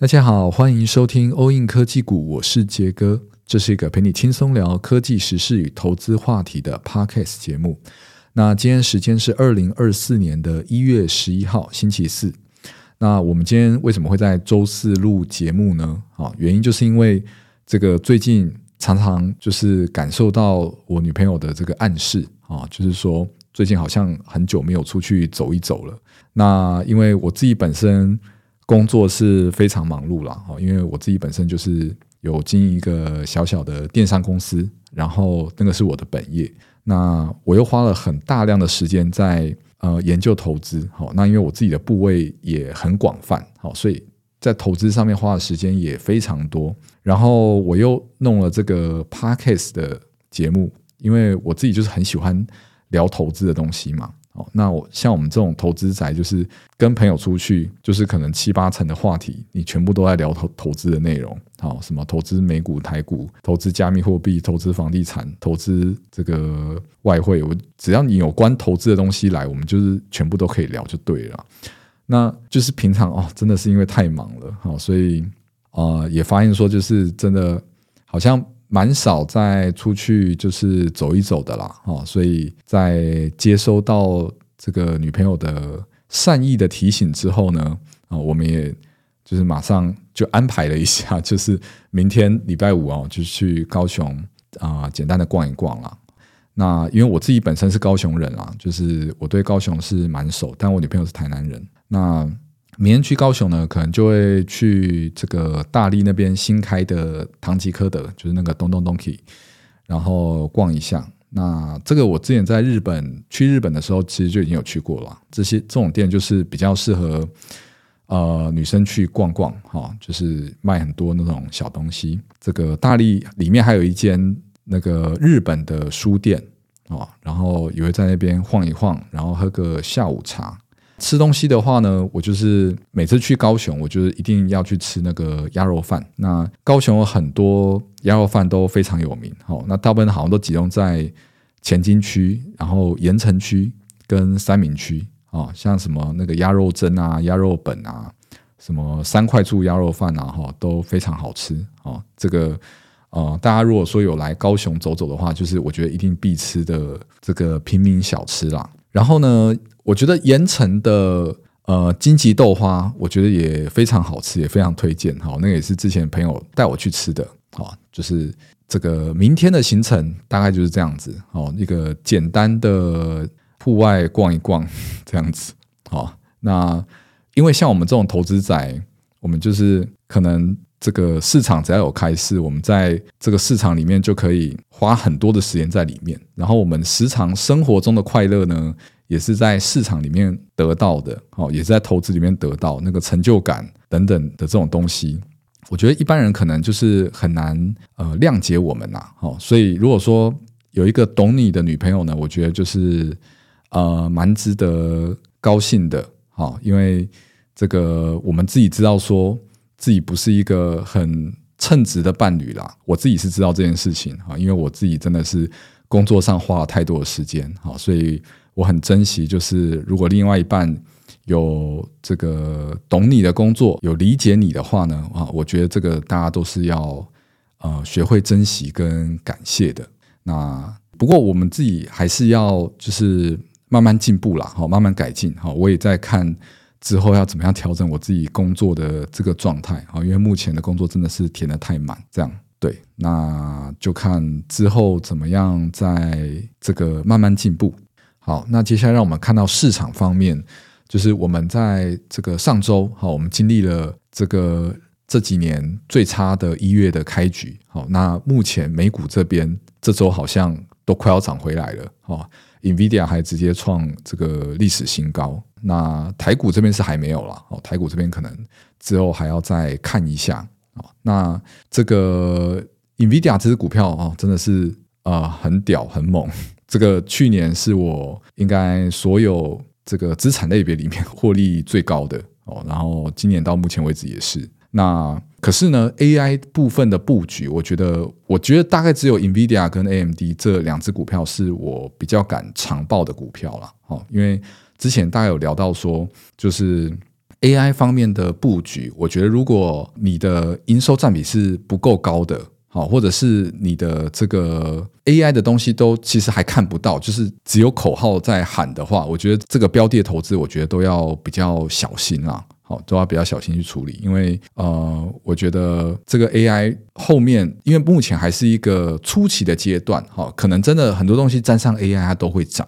大家好，歡迎收聽歐印科技股，我是傑哥。這是一個陪你輕鬆聊科技時事與投資話題的 Podcast 節目。那今天時間是二零二四年的一月十一號，星期四。那我們今天為什麼會在周四錄節目呢？啊，原因就是因為這個最近常常就是感受到我女朋友的這個暗示啊，就是說最近好像很久沒有出去走一走了。那因為我自己本身，工作是非常忙碌啦，哦，因為我自己本身就是有經營一個小小的電商公司，然後那個是我的本業。那我又花了很大量的時間在呃研究投資，好，那因為我自己的部位也很廣泛，好，所以在投資上面花的時間也非常多。然後我又弄了這個 Podcast 的節目，因為我自己就是很喜歡聊投資的東西嘛。哦，那我像我們這種投資宅，就是跟朋友出去，就是可能七八成的話題，你全部都在聊投投資的內容，好、哦，什麼投資美股、台股、投資加密貨幣、投資房地產、投資這個外匯，我只要你有關投資的東西來，我們就是全部都可以聊就對了。那就是平常哦，真的是因為太忙了，好、哦，所以啊、呃、也發現說，就是真的好像。蠻少再出去就是走一走的啦，所以在接收到這個女朋友的善意的提醒之後呢，啊、哦，我們也就是馬上就安排了一下，就是明天禮拜五哦，就去高雄啊、呃，簡單的逛一逛啦。那因為我自己本身是高雄人啦，就是我對高雄是蠻熟，但我女朋友是台南人，那。明天去高雄呢，可能就會去這個大立那邊新開的唐吉訶德，就是那個 DON DON DONKI，然後逛一下。那這個我之前在日本去日本的時候，其實就已經有去過了。這些這種店就是比較適合呃女生去逛逛，哈、哦，就是賣很多那種小東西。這個大立裡面還有一間那個日本的書店哦，然後也會在那邊晃一晃，然後喝個下午茶。吃東西的話呢，我就是每次去高雄，我就是一定要去吃那個鴨肉飯。那高雄有很多鴨肉飯都非常有名，好，那大部分好像都集中在前金區，然後鹽埕區跟三民區啊，像什麼那個鴨肉珍啊，鴨肉本啊，什麼三塊厝鴨肉飯啊，哈，都非常好吃啊。這個呃，大家如果說有來高雄走走的話，就是我覺得一定必吃的這個平民小吃啦。然後呢，我覺得鹽城的呃金桔豆花，我覺得也非常好吃，也非常推薦。好，那個也是之前朋友帶我去吃的。好，就是這個明天的行程大概就是這樣子。好，一個簡單的戶外逛一逛這樣子。好，那因為像我們這種投資仔，我們就是可能。這個市場只要有開市，我們在這個市場裡面就可以花很多的時間在裡面。然後我們時常生活中的快樂呢，也是在市場裡面得到的，哦，也是在投資裡面得到那個成就感等等的這種東西。我覺得一般人可能就是很難呃諒解我們吶、啊，哦，所以如果說有一個懂你的女朋友呢，我覺得就是呃蠻值得高興的，好、哦，因為這個我們自己知道說。自己不是一個很稱職的伴侶啦，我自己是知道這件事情啊，因為我自己真的是工作上花了太多的時間啊，所以我很珍惜。就是如果另外一半有這個懂你的工作，有理解你的話呢，啊，我覺得這個大家都是要呃學會珍惜跟感謝的。那不過我們自己還是要就是慢慢進步啦。好，慢慢改進。好，我也在看。之後要怎麼樣調整我自己工作的這個狀態啊？因為目前的工作真的是填得太滿，這樣對，那就看之後怎麼樣在這個慢慢進步。好，那接下來讓我們看到市場方面，就是我們在這個上周，好，我們經歷了這個這幾年最差的一月的開局。好，那目前美股這邊這周好像都快要漲回來了。好，NVIDIA 還直接創這個歷史新高。那台股這邊是還沒有啦。哦，台股這邊可能之後還要再看一下啊。那這個 NVIDIA 這支股票啊，真的是啊、呃、很屌很猛。這個去年是我應該所有這個資產類別裡面獲利最高的哦，然後今年到目前為止也是。那可是呢，AI 部分的布局，我覺得我覺得大概只有 NVIDIA 跟 AMD 這兩支股票是我比較敢長抱的股票啦。哦，因為。之前大家有聊到說，就是 AI 方面的佈局，我覺得如果你的營收占比是不夠高的，好，或者是你的這個 AI 的東西都其實還看不到，就是只有口號在喊的話，我覺得這個標的投資，我覺得都要比較小心啦，好，都要比較小心去處理，因為呃，我覺得這個 AI 後面，因為目前還是一個初期的階段，哈，可能真的很多東西沾上 AI 它都會漲。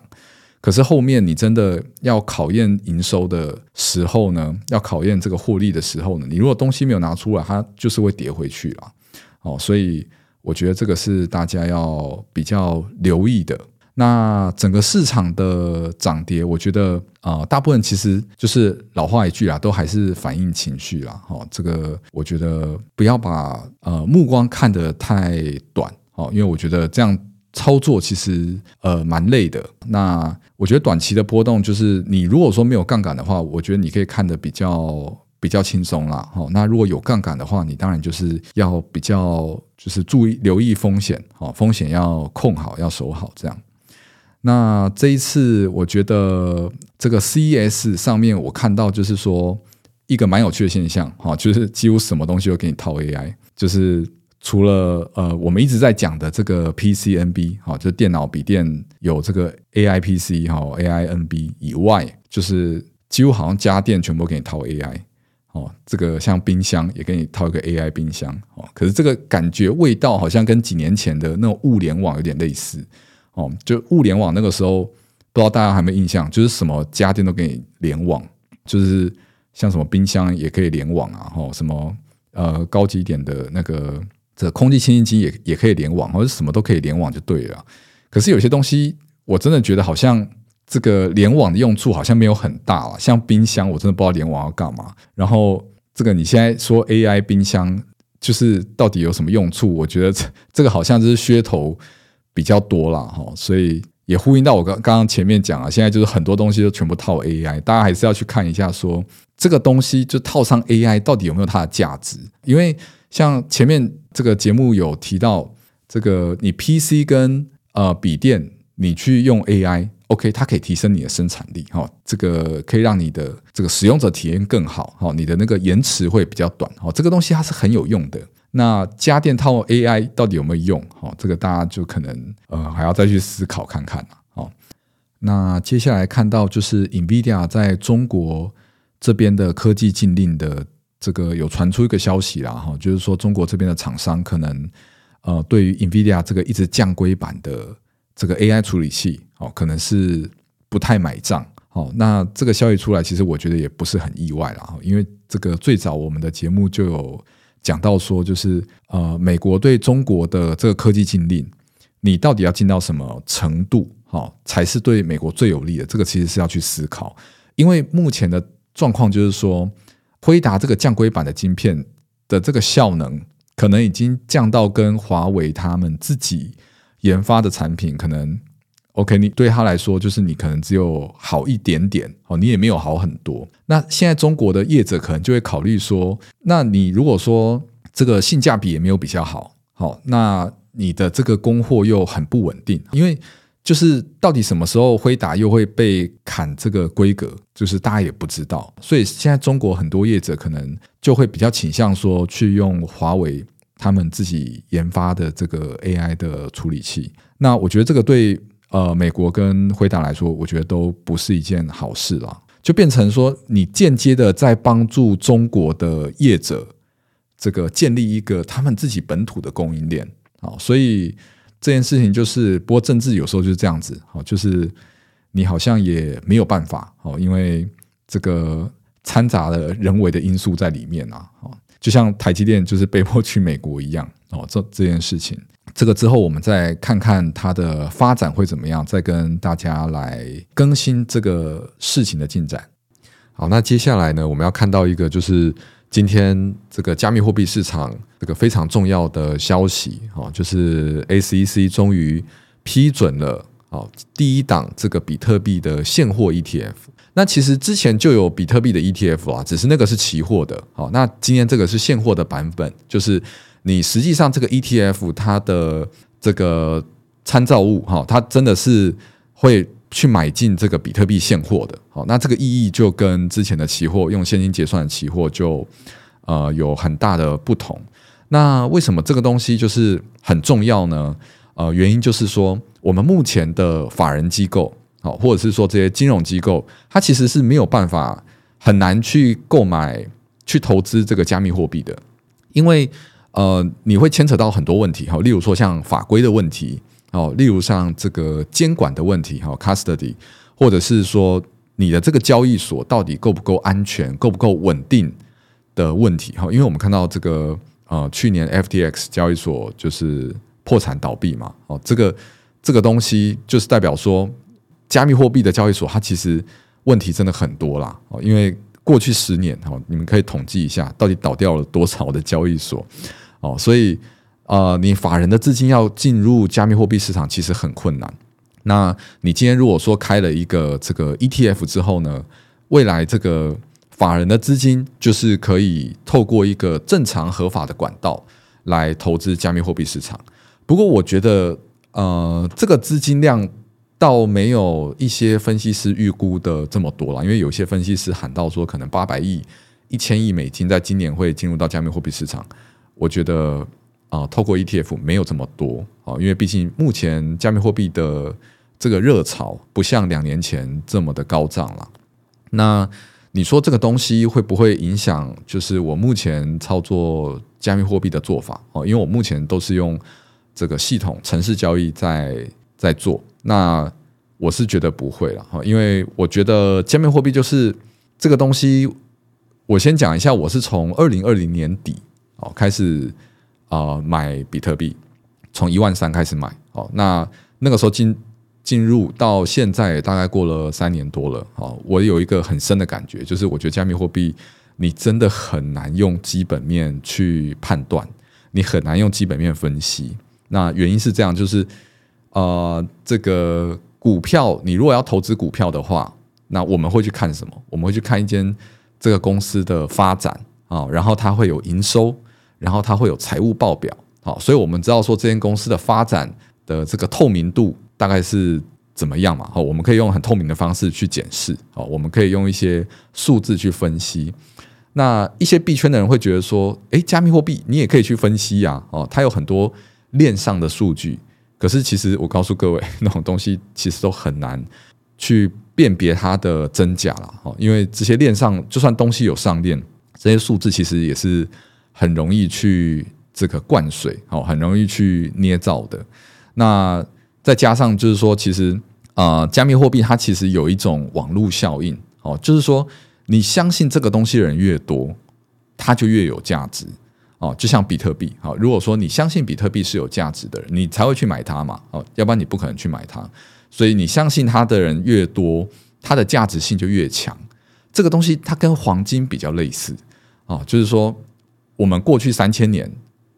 可是後面你真的要考驗營收的時候呢，要考驗這個獲利的時候呢，你如果東西沒有拿出來，它就是會跌回去了，哦，所以我覺得這個是大家要比較留意的。那整個市場的漲跌，我覺得啊，大部分其實就是老話一句啊，都還是反映情緒啦。哈，這個我覺得不要把呃目光看得太短，哦，因為我覺得這樣操作其實呃蠻累的，那。我覺得短期的波動，就是你如果說沒有槓桿的話，我覺得你可以看得比較比較輕鬆啦。好、哦，那如果有槓桿的話，你當然就是要比較就是注意留意風險，好、哦，風險要控好，要守好這樣。那這一次我覺得這個 CES 上面我看到就是說一個蠻有趣的現象，好、哦，就是幾乎什麼東西都給你套 A I，就是。除了呃，我們一直在講的這個 P C N B，好、哦，就電腦筆電有這個 A I P C，哈、哦，A I N B 以外，就是幾乎好像家電全部給你套 A I，哦，這個像冰箱也給你套一個 A I 冰箱，哦，可是這個感覺味道好像跟幾年前的那種物聯網有點類似，哦，就物聯網那個時候不知道大家還有沒有印象，就是什麼家電都給你聯網，就是像什麼冰箱也可以聯網啊，哦，什麼呃高級一點的那個。這空氣清新機也也可以聯網，或者什麼都可以聯網就對了。可是有些東西我真的覺得好像這個聯網的用處好像沒有很大，像冰箱我真的不知道聯網要幹嘛。然後這個你現在說 AI 冰箱，就是到底有什麼用處？我覺得這這個好像就是噱頭比較多了哈。所以也呼應到我剛剛前面講了，現在就是很多東西都全部套 AI，大家還是要去看一下，說這個東西就套上 AI 到底有沒有它的價值，因為。像前面這個節目有提到，這個你 PC 跟呃筆電，你去用 AI，OK，它可以提升你的生產力哈，這個可以讓你的這個使用者體驗更好哈，你的那個延遲會比較短哈，這個東西它是很有用的。那家電套 AI 到底有沒有用哈？這個大家就可能呃還要再去思考看看了。那接下來看到就是 NVIDIA 在中國這邊的科技禁令的。這個有傳出一個消息啦，哈，就是說中國這邊的廠商可能呃，對於 NVIDIA 這個一直降規版的這個 AI 處理器，哦，可能是不太買賬。哦，那這個消息出來，其實我覺得也不是很意外啦。哈，因為這個最早我們的節目就有講到說，就是呃，美國對中國的這個科技禁令，你到底要禁到什麼程度，哈、哦，才是對美國最有利的？這個其實是要去思考，因為目前的狀況就是說。輝達這個降規版的晶片的這個效能，可能已經降到跟華為他們自己研發的產品可能，OK，你對他來說就是你可能只有好一點點哦，你也沒有好很多。那現在中國的業者可能就會考慮說，那你如果說這個性價比也沒有比較好，好，那你的這個供貨又很不穩定，因為。就是到底什麼時候，輝達又會被砍這個規格，就是大家也不知道。所以現在中國很多業者可能就會比較傾向說去用華為他們自己研發的這個 AI 的處理器。那我覺得這個對呃美國跟輝達來說，我覺得都不是一件好事啊，就變成說，你間接的在幫助中國的業者這個建立一個他們自己本土的供應鏈啊，所以。這件事情就是，不過政治有時候就是這樣子，哦，就是你好像也沒有辦法，哦，因為這個摻雜了人為的因素在裡面啊，就像台積電就是被迫去美國一樣，哦，這這件事情，這個之後我們再看看它的發展會怎麼樣，再跟大家來更新這個事情的進展。好，那接下來呢，我們要看到一個就是。今天這個加密貨幣市場這個非常重要的消息啊，就是 SEC 終於批准了啊第一檔這個比特幣的現貨 E T F。那其實之前就有比特幣的 E T F 啊，只是那個是期貨的，好，那今天這個是現貨的版本，就是你實際上這個 E T F 它的這個參照物哈，它真的是會。去買進這個比特幣現貨的，好，那這個意義就跟之前的期貨用現金結算的期貨就呃有很大的不同。那為什麼這個東西就是很重要呢？呃，原因就是說，我們目前的法人機構，好，或者是說這些金融機構，它其實是沒有辦法很難去購買去投資這個加密貨幣的，因為呃，你會牽扯到很多問題，好，例如說像法規的問題。哦，例如像這個監管的問題，哈，custody，或者是說你的這個交易所，到底夠不夠安全、夠不夠穩定的問題，哈，因為我們看到這個，呃，去年 FTX 交易所就是破產倒閉嘛，哦，這個這個東西就是代表說，加密貨幣的交易所它其實問題真的很多啦，哦，因為過去十年，哦，你們可以統計一下到底倒掉了多少的交易所，哦，所以。呃，你法人的資金要進入加密貨幣市場其實很困難。那你今天如果說開了一個這個 ETF 之後呢，未來這個法人的資金就是可以透過一個正常合法的管道來投資加密貨幣市場。不過，我覺得呃，這個資金量倒沒有一些分析師預估的這麼多了，因為有些分析師喊到說可能八百億、一千億美金在今年會進入到加密貨幣市場，我覺得。啊，透過 ETF 沒有這麼多啊，因為畢竟目前加密貨幣的這個熱潮不像兩年前這麼的高漲了。那你說這個東西會不會影響？就是我目前操作加密貨幣的做法啊，因為我目前都是用這個系統城市交易在在做。那我是覺得不會了，啊，因為我覺得加密貨幣就是這個東西。我先講一下，我是從二零二零年底啊開始。啊、呃，買比特幣，從一萬三開始買哦。那那個時候進進入到現在，大概過了三年多了哦。我有一個很深的感覺，就是我覺得加密貨幣，你真的很難用基本面去判斷，你很難用基本面分析。那原因是這樣，就是呃，這個股票，你如果要投資股票的話，那我們會去看什麼？我們會去看一間這個公司的發展啊、哦，然後它會有營收。然後它會有財務報表，好，所以我們知道說這間公司的發展的這個透明度大概是怎麼樣嘛？好，我們可以用很透明的方式去檢視，好，我們可以用一些數字去分析。那一些幣圈的人會覺得說，哎，加密貨幣你也可以去分析呀，哦，它有很多鏈上的數據。可是其實我告訴各位，那種東西其實都很難去辨別它的真假了，因為這些鏈上就算東西有上鏈，這些數字其實也是。很容易去這個灌水，哦，很容易去捏造的。那再加上就是說，其實啊，呃，加密貨幣它其實有一種網絡效應，哦，就是說你相信這個東西的人越多，它就越有價值，哦，就像比特幣，好，如果說你相信比特幣是有價值的人，你才會去買它嘛，哦，要不然你不可能去買它。所以你相信它的人越多，它的價值性就越強。這個東西它跟黃金比較類似，哦，就是說。我們過去三千年，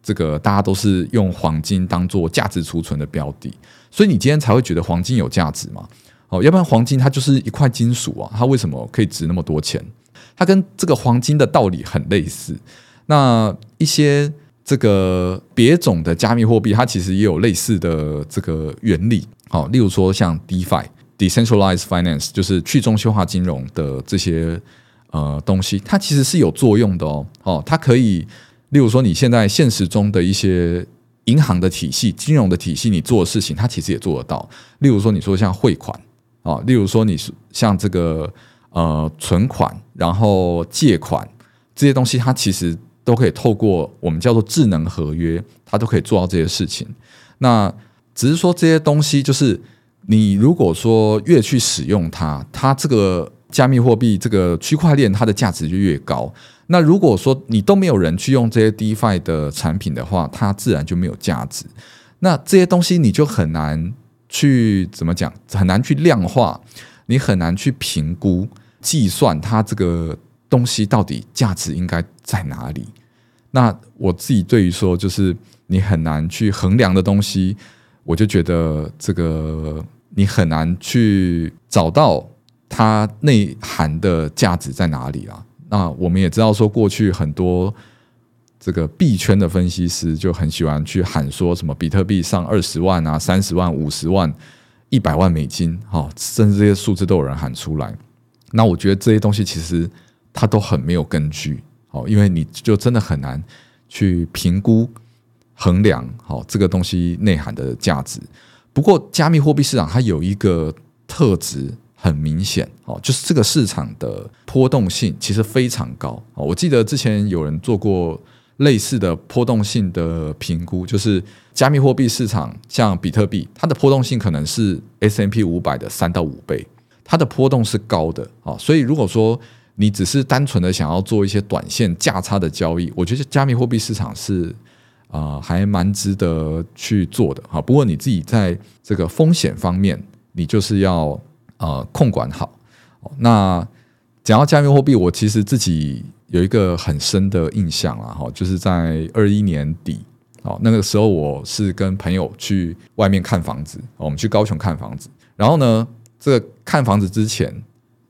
這個大家都是用黃金當做價值儲存的標的，所以你今天才會覺得黃金有價值嗎？哦，要不然黃金它就是一塊金屬啊，它為什麼可以值那麼多錢？它跟這個黃金的道理很類似。那一些這個別種的加密貨幣，它其實也有類似的這個原理。好、哦，例如說像 DeFi，Decentralized Finance，就是去中心化金融的這些。呃，東西它其實是有作用的哦，哦，它可以，例如說你現在現實中的一些銀行的體系、金融的體系，你做的事情，它其實也做得到。例如說，你說像匯款啊、哦，例如說你是像這個呃存款，然後借款這些東西，它其實都可以透過我們叫做智能合約，它都可以做到這些事情。那只是說這些東西，就是你如果說越去使用它，它這個。加密貨幣這個區塊鏈，它的價值就越高。那如果說你都沒有人去用這些 DeFi 的產品的話，它自然就沒有價值。那這些東西你就很難去怎麼講，很難去量化，你很難去評估、計算它這個東西到底價值應該在哪裡。那我自己對於說，就是你很難去衡量的東西，我就覺得這個你很難去找到。它內涵的價值在哪裡啊？那我們也知道說，過去很多這個幣圈的分析師就很喜歡去喊說什麼比特幣上二十萬啊、三十萬、五十萬、一百萬美金，好，甚至這些數字都有人喊出來。那我覺得這些東西其實它都很沒有根據，哦，因為你就真的很難去評估衡量好這個東西內涵的價值。不過，加密貨幣市場它有一個特質。很明顯，哦，就是這個市場的波動性其實非常高。我記得之前有人做過類似的波動性的評估，就是加密貨幣市場，像比特幣，它的波動性可能是 S&P 五百的三到五倍，它的波動是高的。所以如果說你只是單純的想要做一些短線價差的交易，我覺得加密貨幣市場是啊，還蠻值得去做的。不過你自己在這個風險方面，你就是要。呃，控管好，哦。那講到加密貨幣，我其實自己有一個很深的印象啊，哈、哦，就是在二一年底，哦，那個時候我是跟朋友去外面看房子，哦，我們去高雄看房子。然後呢，這個看房子之前，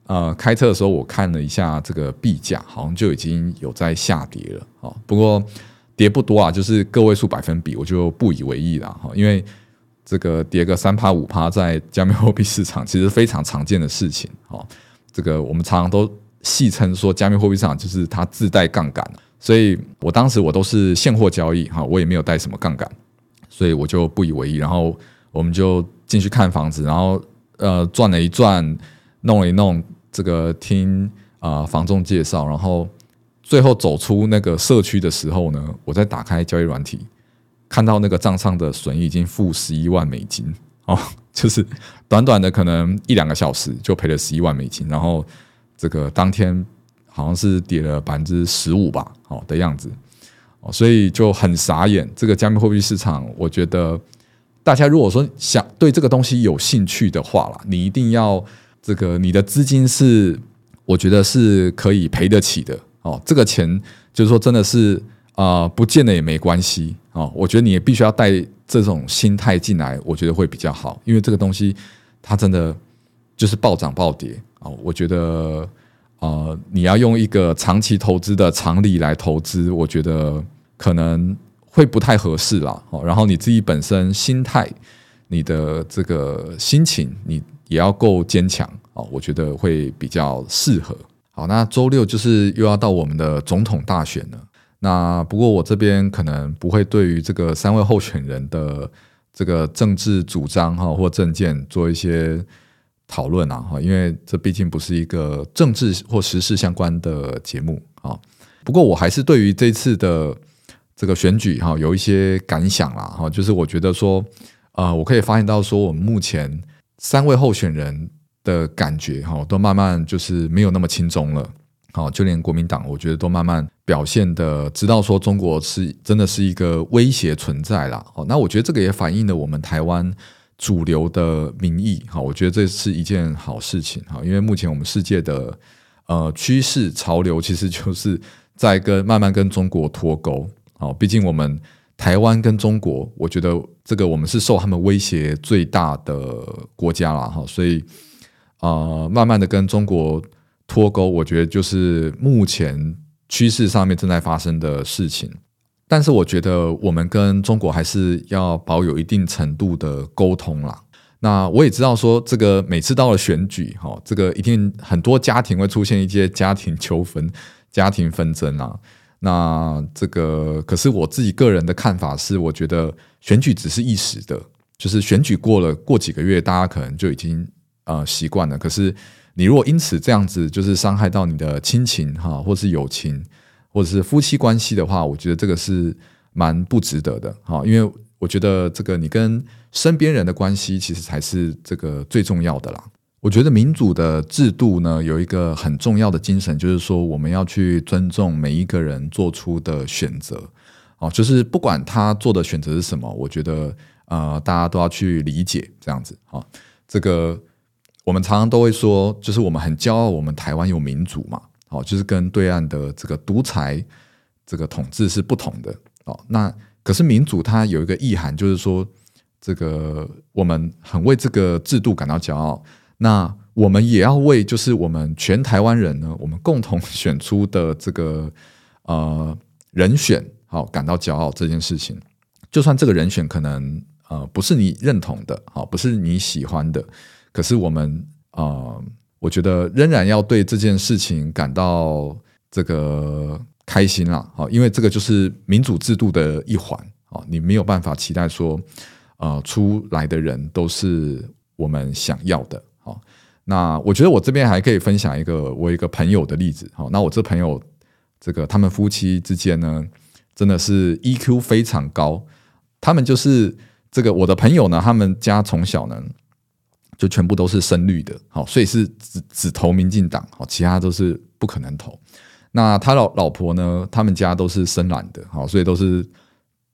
呃，開車的時候我看了一下這個幣價，好像就已經有在下跌了，啊、哦，不過跌不多啊，就是個位數百分比，我就不以為意了，哈、哦，因為。這個跌個三趴五趴，在加密貨幣市場其實非常常見的事情啊。這個我們常常都戲稱說，加密貨幣市場就是它自帶槓桿。所以我當時，我都是現貨交易哈，我也沒有帶什麼槓桿，所以我就不以為意。然後我們就進去看房子，然後呃轉了一轉，弄了一弄，這個聽啊、呃、房仲介紹，然後最後走出那個社區的時候呢，我再打開交易軟體。看到那個賬上的損益已經負十一萬美金哦，就是短短的可能一兩個小時就賠了十一萬美金，然後這個當天好像是跌了百分之十五吧，好的樣子哦，所以就很傻眼。這個加密貨幣市場，我覺得大家如果說想對這個東西有興趣的話啦，你一定要這個你的資金是我覺得是可以賠得起的哦，這個錢就是說真的是。啊、呃，不見了也沒關係啊、哦。我覺得你也必須要帶這種心態進來，我覺得會比較好，因為這個東西它真的就是暴漲暴跌啊、哦。我覺得，呃，你要用一個長期投資的常理來投資，我覺得可能會不太合適啦、哦、然後你自己本身心態、你的這個心情，你也要夠堅強啊、哦。我覺得會比較適合。好，那周六就是又要到我們的總統大選了。那不過我這邊可能不會對於這個三位候選人的這個政治主張哈或政見做一些討論啦哈，因為這畢竟不是一個政治或時事相關的節目啊。不過我還是對於這次的這個選舉哈有一些感想啦，哈，就是我覺得說，呃，我可以發現到說，我們目前三位候選人的感覺哈都慢慢就是沒有那麼輕鬆了。好，就連國民黨，我覺得都慢慢表現的知道說中國是真的是一個威脅存在啦。好，那我覺得這個也反映了我們台灣主流的民意。好，我覺得這是一件好事情。好，因為目前我們世界的呃趨勢潮流，其實就是在跟慢慢跟中國脫鈎。好，畢竟我們台灣跟中國，我覺得這個我們是受他們威脅最大的國家了。哈，所以呃，慢慢的跟中國。脫鈎，我覺得就是目前趨勢上面正在發生的事情，但是我覺得我們跟中國還是要保有一定程度的溝通啦。那我也知道說，這個每次到了選舉，哈，這個一定很多家庭會出現一些家庭糾紛、家庭紛爭啊。那這個，可是我自己個人的看法是，我覺得選舉只是一時的，就是選舉過了過幾個月，大家可能就已經呃習慣了。可是。你如果因此這樣子就是傷害到你的親情哈，或是友情，或者是夫妻關係的話，我覺得這個是蠻不值得的哈。因為我覺得這個你跟身邊人的關係其實才是這個最重要的啦。我覺得民主的制度呢，有一個很重要的精神，就是說我們要去尊重每一個人做出的選擇哦，就是不管他做的選擇是什麼，我覺得呃大家都要去理解這樣子啊，這個。我們常常都會說，就是我們很驕傲，我們台灣有民主嘛，好，就是跟對岸的這個獨裁這個統治是不同的哦。那可是民主它有一個意涵，就是說這個我們很為這個制度感到驕傲。那我們也要為就是我們全台灣人呢，我們共同選出的這個呃人選，好，感到驕傲這件事情。就算這個人選可能呃不是你認同的，好，不是你喜歡的。可是我們啊，呃，我覺得仍然要對這件事情感到這個開心啦，好，因為這個就是民主制度的一環啊，你沒有辦法期待說，呃，出來的人都是我們想要的啊。那我覺得我這邊還可以分享一個我一個朋友的例子，好，那我這朋友這個他們夫妻之間呢，真的是 EQ 非常高，他們就是這個我的朋友呢，他們家從小呢。就全部都是深綠的，好，所以是只只投民進黨，好，其他都是不可能投。那他老老婆呢？他們家都是深藍的，好，所以都是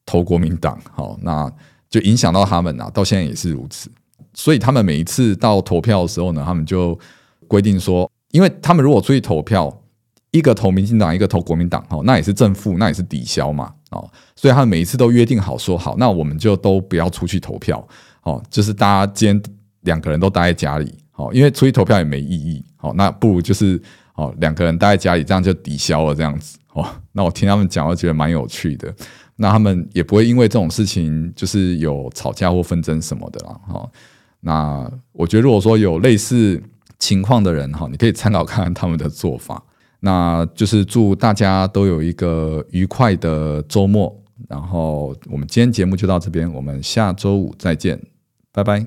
投國民黨，好，那就影響到他們啊，到現在也是如此。所以他們每一次到投票的時候呢，他們就規定說，因為他們如果出去投票，一個投民進黨，一個投國民黨，哦，那也是正負，那也是抵消嘛，哦，所以他們每一次都約定好說好，那我們就都不要出去投票，哦，就是大家今兩個人都待在家裡，好，因為出去投票也沒意義，好，那不如就是，哦，兩個人待在家裡，這樣就抵消了，這樣子，哦，那我聽他們講，我覺得蠻有趣的，那他們也不會因為這種事情就是有吵架或紛爭什麼的啦。好，那我覺得如果說有類似情況的人，哈，你可以參考看看他們的做法，那就是祝大家都有一個愉快的周末，然後我們今天節目就到這邊，我們下周五再見，拜拜。